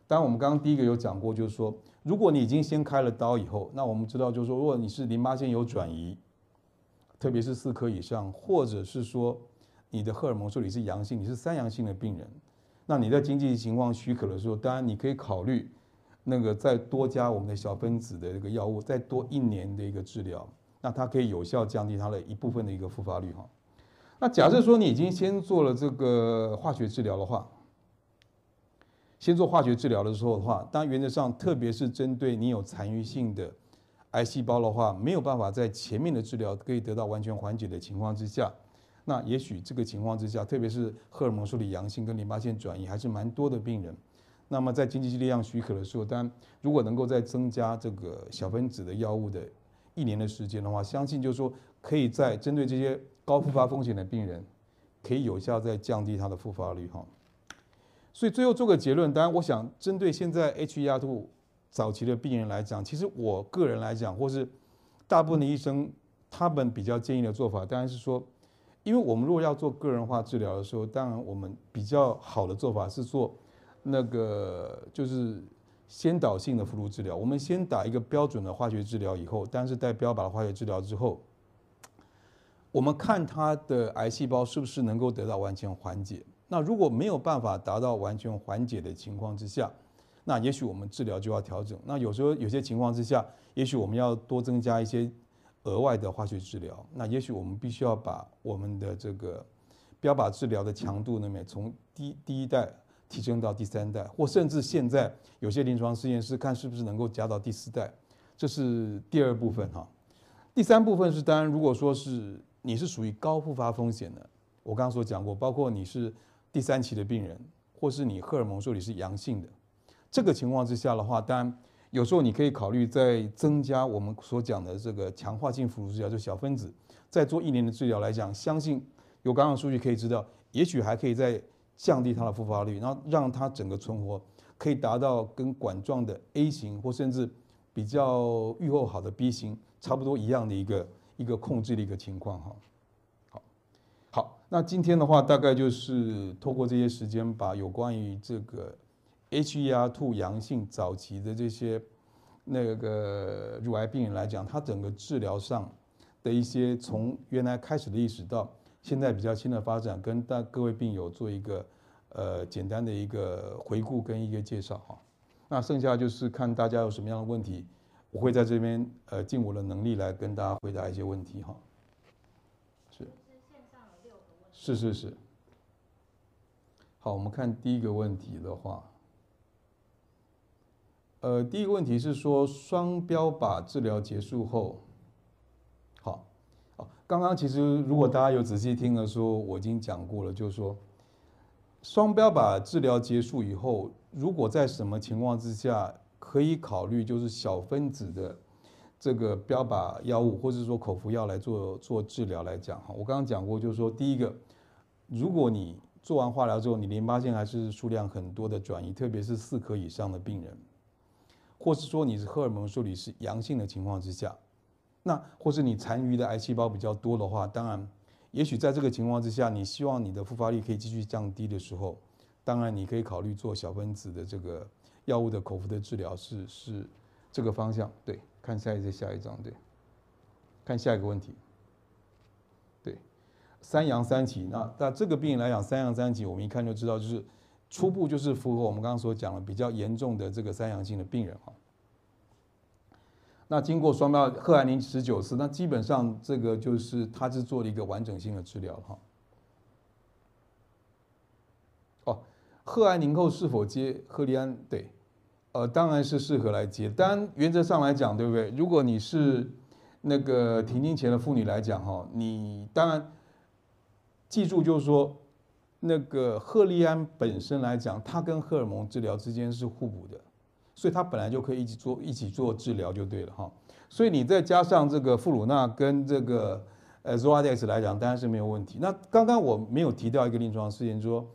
當然，我們剛剛第一個有講過，就是說，如果你已經先開了刀以後，那我們知道，就是說，如果你是淋巴腺有轉移。特別是四顆以上，或者是說你的荷爾蒙受體是陽性，你是三陽性的病人，那你在經濟情況許可的時候，當然你可以考慮那個再多加我們的小分子的這個藥物，再多一年的一個治療，那它可以有效降低它的一部分的一個復發率哈。那假設說你已經先做了這個化學治療的話，先做化學治療的時候的話，當然原則上特別是針對你有殘餘性的。癌細胞的話，沒有辦法在前面的治療可以得到完全緩解的情況之下，那也許這個情況之下，特別是荷爾蒙受體陽性跟淋巴腺轉移還是蠻多的病人。那麼在經濟力量許可的時候，當然如果能夠再增加這個小分子的藥物的一年的時間的話，相信就是說可以在針對這些高復發風險的病人，可以有效再降低它的復發率哈。所以最後做個結論，當然我想針對現在 HER2。早期的病人來講，其實我個人來講，或是大部分的醫生，他們比較建議的做法，當然是說，因為我們如果要做個人化治療的時候，當然我們比較好的做法是做那個就是先導性的輔助治療。我們先打一個標準的化學治療以後，但是帶標靶的化學治療之後，我們看他的癌細胞是不是能夠得到完全緩解。那如果沒有辦法達到完全緩解的情況之下，那也許我們治療就要調整。那有時候有些情況之下，也許我們要多增加一些額外的化學治療。那也許我們必須要把我們的這個標靶治療的強度那麼從第第一代提升到第三代，或甚至現在有些臨床試驗室看是不是能夠加到第四代。這是第二部分哈。第三部分是當然，如果說是你是屬於高復發風險的，我剛剛所講過，包括你是第三期的病人，或是你荷爾蒙受體是陽性的。這個情況之下的話，當然有時候你可以考慮再增加我們所講的這個強化性輔助治療，就小分子，再做一年的治療來講，相信有剛剛的數據可以知道，也許還可以再降低它的復發率，然後讓它整個存活可以達到跟管狀的 A 型或甚至比較預後好的 B 型差不多一樣的一個一個控制的一個情況哈。好，好，那今天的話大概就是透過這些時間把有關於這個 HER2 陽性早期的這些那個乳癌病人來講，它整個治療上的一些從原來開始的歷史到現在比較新的發展，跟大各位病友做一個呃簡單的一個回顧跟一個介紹哈。那剩下就是看大家有什麼樣的問題，我會在這邊呃盡我的能力來跟大家回答一些問題哈。是。是是是。好，我們看第一個問題的話。呃，第一個問題是說，雙標靶治療結束後，好，好，剛剛其實如果大家有仔細聽了說，說我已經講過了，就是說雙標靶治療結束以後，如果在什麼情況之下可以考慮就是小分子的這個標靶藥物，或者說口服藥來做做治療來講，哈，我剛剛講過，就是說第一個，如果你做完化療之後，你淋巴腺還是數量很多的轉移，特別是四顆以上的病人。或是說你是荷爾蒙受體是陽性的情況之下，那或是你殘餘的癌細胞比較多的話，當然，也許在這個情況之下，你希望你的復發率可以繼續降低的時候，當然你可以考慮做小分子的這個藥物的口服的治療是，是是這個方向。對，看下一節下一張，對，看下一個問題。對，三陽三期，那那這個病來講，三陽三期，我們一看就知道就是。初步就是符合我們剛剛所講的比較嚴重的這個三陽性的病人哈。那經過雙標賀癌寧十九次，那基本上這個就是他是做了一個完整性的治療哈。哦，賀癌寧後是否接賀利安？對，呃，當然是適合來接。但原則上來講，對不對？如果你是那個停經前的婦女來講哈，你當然記住就是說。那個赫利安本身來講，它跟荷爾蒙治療之間是互補的，所以它本來就可以一起做一起做治療就對了哈。所以你再加上這個復乳納跟這個呃 Zoladex 來講，當然是沒有問題。那剛剛我沒有提到一個臨床試驗，說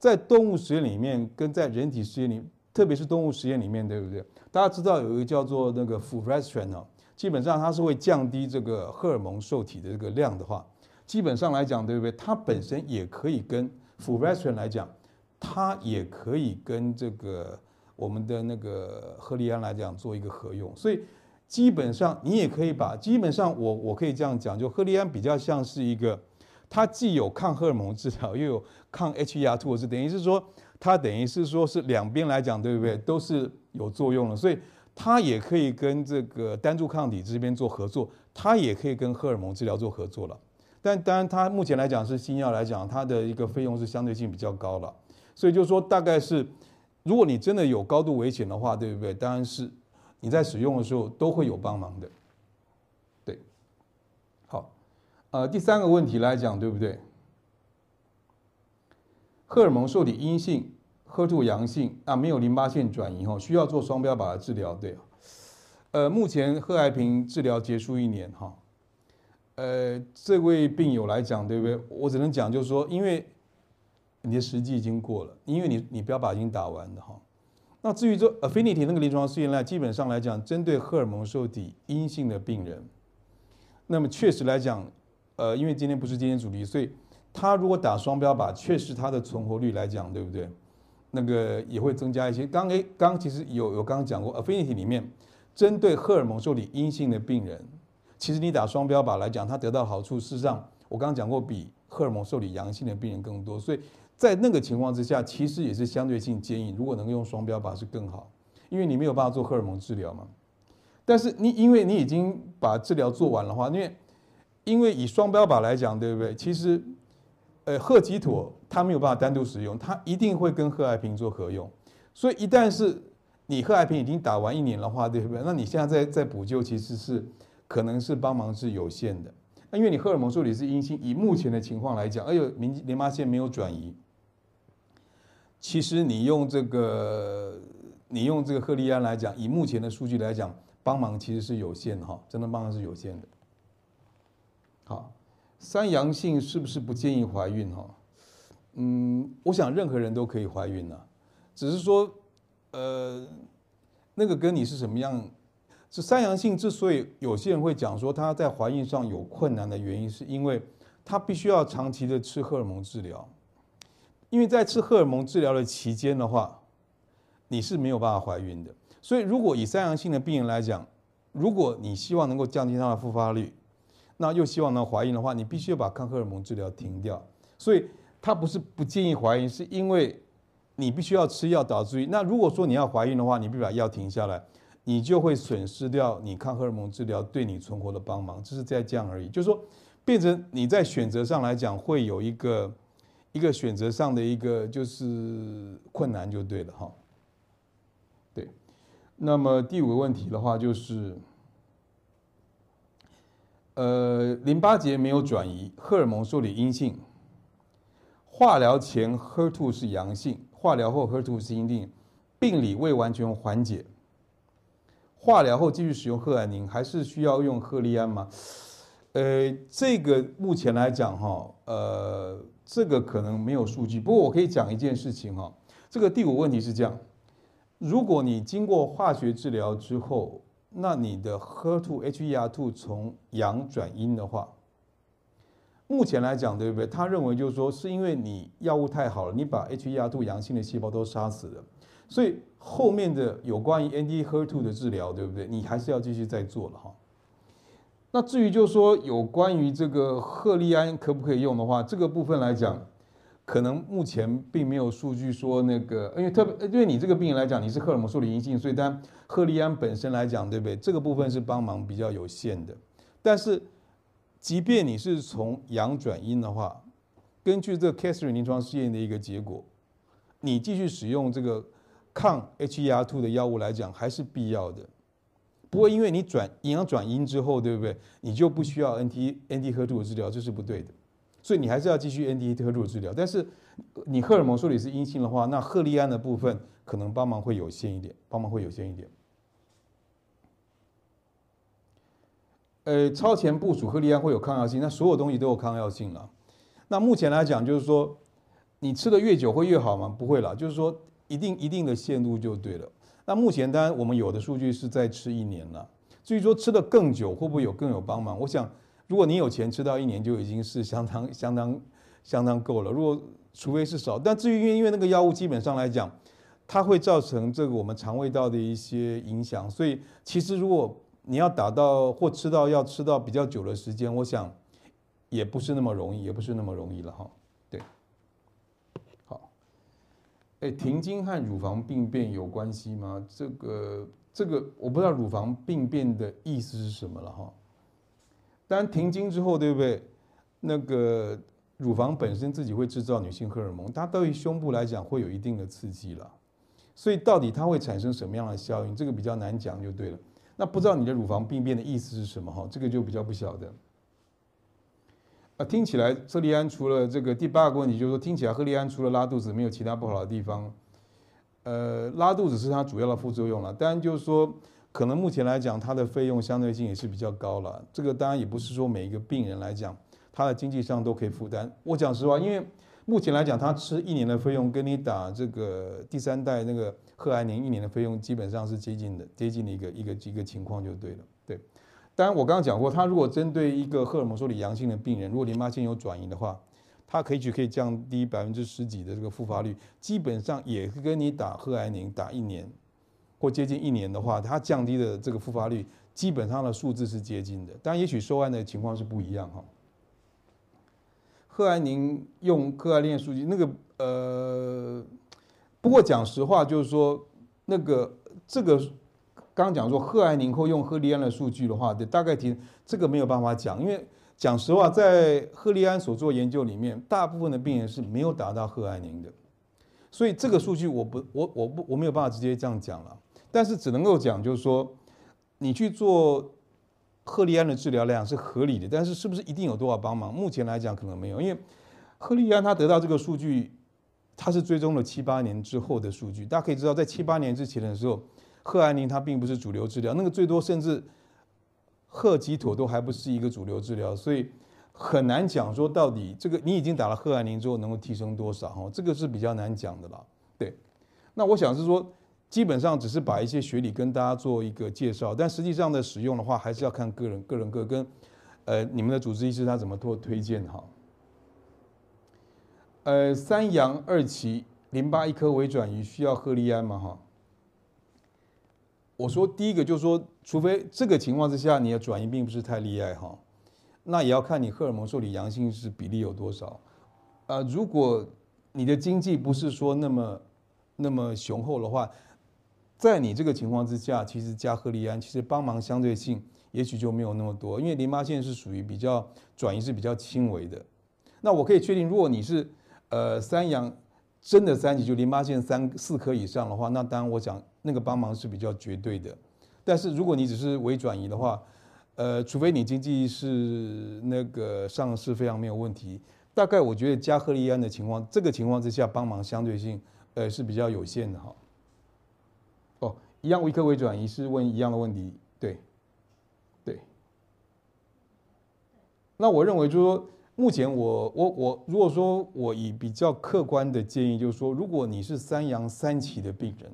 在動物實驗裡面跟在人體實驗裡，特別是動物實驗裡面，對不對？大家知道有一個叫做那個 Fulvestrant 呢，基本上它是會降低這個荷爾蒙受體的這個量的話，基本上來講，對不對？它本身也可以跟 f r e s n 來講，它也可以跟這個我們的那個赫利安來講做一個合用，所以基本上你也可以把基本上我我可以這樣講，就赫利安比較像是一個，它既有抗荷爾蒙治療，又有抗 HER2，是等於是說它等於是說是兩邊來講，對不對？都是有作用的，所以它也可以跟這個單株抗體這邊做合作，它也可以跟荷爾蒙治療做合作了。但當然，它目前來講是新藥來講，它的一個費用是相對性比較高了，所以就是說，大概是，如果你真的有高度危險的話，對不對？當然是，你在使用的時候都會有幫忙的，對，好，呃，第三個問題來講，對不對？荷爾蒙受體陰性，HER2 陽性，啊，沒有淋巴腺轉移哈，需要做雙標靶的治療，對呃，目前賀愛平治療結束一年哈。呃，這位病友來講，對不對？我只能講，就是說，因為你的時機已經過了，因為你你標靶已經打完了哈。那至於說 affinity 那個臨床試驗呢，基本上來講，針對荷爾蒙受體陰性的病人，那麼確實來講，呃，因為今天不是今天主題，所以他如果打雙標靶，確實他的存活率來講，對不對？那個也會增加一些。剛誒，剛其實有有剛剛講過 affinity 裡面，針對荷爾蒙受體陰性的病人。其實你打雙標靶來講，它得到好處是讓，我剛剛講過，比荷爾蒙受體陽性的病人更多，所以在那個情況之下，其實也是相對性建議。如果能夠用雙標靶是更好，因為你沒有辦法做荷爾蒙治療嘛。但是你因為你已經把治療做完了的話，因為因為以雙標靶來講，對不對？其實，呃，賀疾妥它沒有辦法單獨使用，它一定會跟賀癌平做合用。所以一旦是你賀癌平已經打完一年的話，對不對？那你現在再再補救其實是。可能是幫忙是有限的，那因為你荷爾蒙受體是陰性，以目前的情況來講哎呦，明淋巴腺沒有轉移，其實你用這個你用這個赫利安來講，以目前的數據來講，幫忙其實是有限的哈，真的幫忙是有限的。好，三陽性是不是不建議懷孕哈？嗯，我想任何人都可以懷孕呢、啊，只是說呃，那個跟你是什麼樣？這三陽性之所以有些人會講說他在懷孕上有困難的原因，是因為他必須要長期的吃荷爾蒙治療，因為在吃荷爾蒙治療的期間的話，你是沒有辦法懷孕的。所以如果以三陽性的病人來講，如果你希望能夠降低他的復發率，那又希望能懷孕的話，你必須要把抗荷爾蒙治療停掉。所以他不是不建議懷孕，是因為你必須要吃藥導致於，那如果說你要懷孕的話，你必須把藥停下來。你就會損失掉你抗荷爾蒙治療對你存活的幫忙，只、就是在這樣而已。就是說，變成你在選擇上來講會有一個一個選擇上的一個就是困難就對了哈。對，那麼第五個問題的話就是，呃，淋巴結沒有轉移，荷爾蒙受體陰性，化療前 Her2 是陽性，化療後 Her2 是陰性，病理未完全緩解。化療後繼續使用賀癌寧，還是需要用賀儷安嗎？呃，這個目前來講哈，呃，這個可能沒有數據。不過我可以講一件事情哈，這個第五個問題是這樣：如果你經過化學治療之後，那你的 H2, HER2、HER2 從陽轉陰的話，目前來講對不對？他認為就是說，是因為你藥物太好了，你把 HER2 陽性的細胞都殺死了。所以後面的有關於 anti-HER2 的治療，對不對？你還是要繼續再做了哈。那至於就是說有關於這個赫利安可不可以用的話，這個部分來講，可能目前並沒有數據說那個，因為特別因為你這個病人來講，你是荷爾蒙受體陰性，所以當然赫利安本身來講，對不對？這個部分是幫忙比較有限的。但是，即便你是從陽轉陰的話，根據這 KATHERINE 臨床試驗的一個結果，你繼續使用這個。抗 H E R two 的藥物來講還是必要的，不會因為你轉營養轉陰之後，對不對？你就不需要 N T N 和溝通治療，這是不對的。所以你還是要繼續 N T 溝通治療。但是你荷爾蒙受理是陰性的話，那赫利安的部分可能幫忙會有限一點，幫忙會有限一點。呃，超前部署赫利安會有抗藥性，那所有東西都有抗藥性了。那目前來講，就是說你吃的越久會越好嗎？不會啦，就是說。一定一定的限度就對了。那目前當然我們有的數據是在吃一年了。至於說吃得更久會不會有更有幫忙，我想如果你有錢吃到一年就已經是相當相當相當夠了。如果除非是少，但至於因為因為那個藥物基本上來講，它會造成這個我們腸胃道的一些影響，所以其實如果你要達到或吃到要吃到比較久的時間，我想也不是那麼容易，也不是那麼容易了哈。哎，停經和乳房病變有關係嗎？這個，這個我不知道乳房病變的意思是什麼了哈。當然，停經之後，對不對？那個乳房本身自己會製造女性荷爾蒙，它對於胸部來講會有一定的刺激了。所以，到底它會產生什麼樣的效應，這個比較難講就對了。那不知道你的乳房病變的意思是什麼哈？這個就比較不曉得。聽起來赫利安除了這個第八個問題，就是說聽起來赫利安除了拉肚子沒有其他不好的地方，呃，拉肚子是它主要的副作用了。當然就是說，可能目前來講它的費用相對性也是比較高了。這個當然也不是說每一個病人來講他的經濟上都可以負擔。我講實話，因為目前來講他吃一年的費用跟你打這個第三代那個赫安寧一年的費用基本上是接近的，接近的一個一個一個一個情況就對了。但我剛剛講過，他如果針對一個荷爾蒙受體陽性的病人，如果淋巴腺有轉移的話，他可以去可以降低百分之十幾的這個復發率。基本上也是跟你打賀癌寧打一年或接近一年的話，它降低的這個復發率，基本上的數字是接近的。但也許收案的情況是不一樣哈。賀癌寧用個案鏈數據，那個呃，不過講實話就是說，那個這個。剛剛講說赫愛寧或用赫利安的數據的話，得大概提這個沒有辦法講，因為講實話，在赫利安所做研究裡面，大部分的病人是沒有達到赫愛寧的，所以這個數據我不我我我不我沒有辦法直接這樣講了。但是只能夠講就是說，你去做赫利安的治療量是合理的，但是是不是一定有多少幫忙？目前來講可能沒有，因為赫利安他得到這個數據，他是追蹤了七八年之後的數據。大家可以知道，在七八年之前的時候。賀癌寧它並不是主流治療，那個最多甚至，賀疾妥都還不是一個主流治療，所以很難講說到底這個你已經打了賀癌寧之後能夠提升多少哦，這個是比較難講的了。對，那我想是說，基本上只是把一些學理跟大家做一個介紹，但實際上的使用的話，還是要看個人、個人各、個跟呃，你們的主治醫師他怎麼做推薦哈。呃，三陽二期淋巴一顆微轉移需要賀儷安嗎？哈？我說，第一個就是說，除非這個情況之下你的轉移並不是太厲害哈，那也要看你荷爾蒙受體陽性是比例有多少，啊、呃，如果你的經濟不是說那麼那麼雄厚的話，在你這個情況之下，其實加荷利安其實幫忙相對性也許就沒有那麼多，因為淋巴腺是屬於比較轉移是比較輕微的。那我可以確定，如果你是呃三陽。真的三級就淋巴腺三四顆以上的話，那當然我想那個幫忙是比較絕對的。但是如果你只是微轉移的話，呃，除非你經濟是那個上市非常沒有問題，大概我覺得加赫利安的情況，這個情況之下幫忙相對性呃是比較有限的哈。哦，一樣微顆微轉移是問一樣的問題，對，對。那我認為就是說。目前我我我如果說我以比較客觀的建議，就是說，如果你是三陽三期的病人，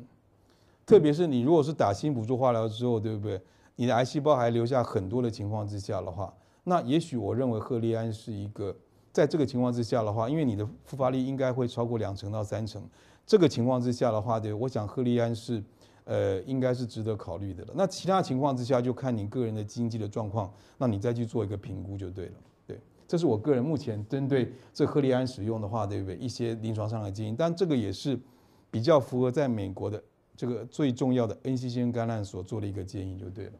特別是你如果是打新輔助化療之後，對不對？你的癌細胞還留下很多的情況之下的話，那也許我認為賀儷安是一個在這個情況之下的話，因為你的復發率應該會超過兩成到三成，這個情況之下的話，對，我想賀儷安是呃應該是值得考慮的了。那其他情況之下就看你個人的經濟的狀況，那你再去做一個評估就對了。這是我個人目前針對這赫利安使用的話，對不對？一些臨床上的建議，但這個也是比較符合在美國的這個最重要的 NCCN 指南所做的一個建議，就對了。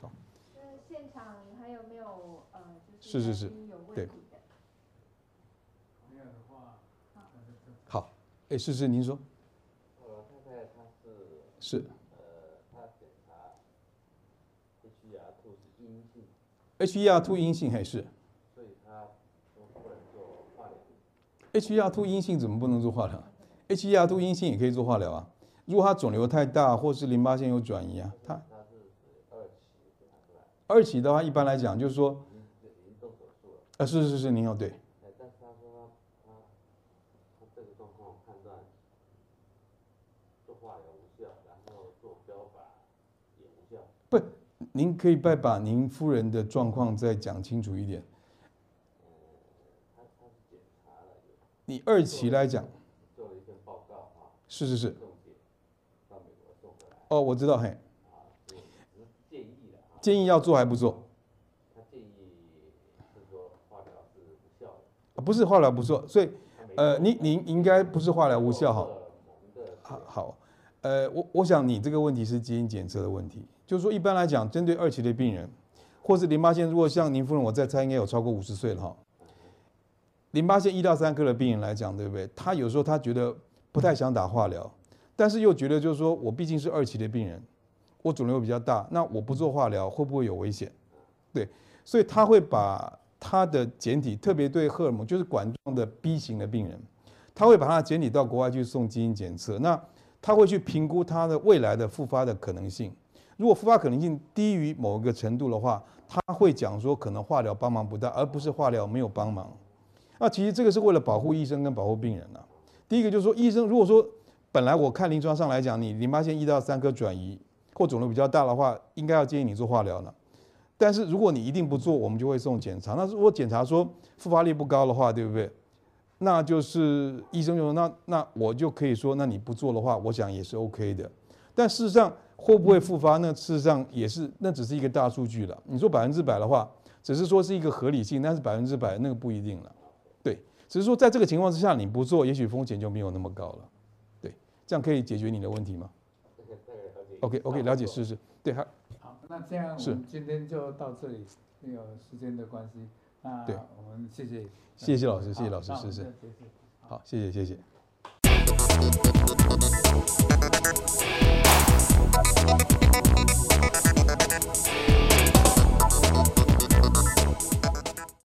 好，現場你還有沒有呃、就是有，是是是，對。沒有的話、哦、好，哎，是是，您說。呃、是。是。HER2 陰性還是？HER2 陰性怎麼不能做化療？HER2 陰性也可以做化療啊。如果它腫瘤太大，或是淋巴腺有轉移啊，它它是二期期？二期的話，一般來講就是說，啊，是是是，您要對。您可以再把您夫人的狀況再講清楚一點。你二期來講，做了一份報告，是是是。哦，我知道嘿。建議要做還不做？他建議是說化療是無效的。不是化療不做，所以呃，您您應該不是化療無效哈。好，好。呃，我我想你這個問題是基因檢測的問題，就是說一般來講，針對二期的病人，或是淋巴腺，如果像您夫人，我再猜應該有超過五十歲了哈、哦。淋巴腺一到三顆的病人來講，對不對？他有時候他覺得不太想打化療，但是又覺得就是說我畢竟是二期的病人，我腫瘤比較大，那我不做化療會不會有危險？對，所以他會把他的檢體，特別對荷爾蒙，就是管狀的 B 型的病人，他會把他的檢體到國外去送基因檢測，那。他會去評估他的未來的復發的可能性，如果復發可能性低於某一個程度的話，他會講說可能化療幫忙不大，而不是化療沒有幫忙。那其實這個是為了保護醫生跟保護病人了、啊。第一個就是說，醫生如果說本來我看臨床上來講，你淋巴腺一到三顆轉移或腫瘤比較大的話，應該要建議你做化療了。但是如果你一定不做，我們就會送檢查。那如果檢查說復發率不高的話，對不對？那就是醫生就說，那那我就可以說，那你不做的話，我想也是 OK 的。但事實上會不會復發呢？那事實上也是，那只是一個大數據了。你說百分之百的話，只是說是一個合理性，但是百分之百那個不一定了。對，只是說在這個情況之下你不做，也許風險就沒有那麼高了。對，這樣可以解決你的問題嗎？謝謝，可以。OK OK，了解試試。對，好。好，那這樣是今天就到這裡，沒有時間的關係。對，我們謝謝，謝謝，謝謝老師，謝謝老師，謝謝，謝謝，好，謝謝，謝謝。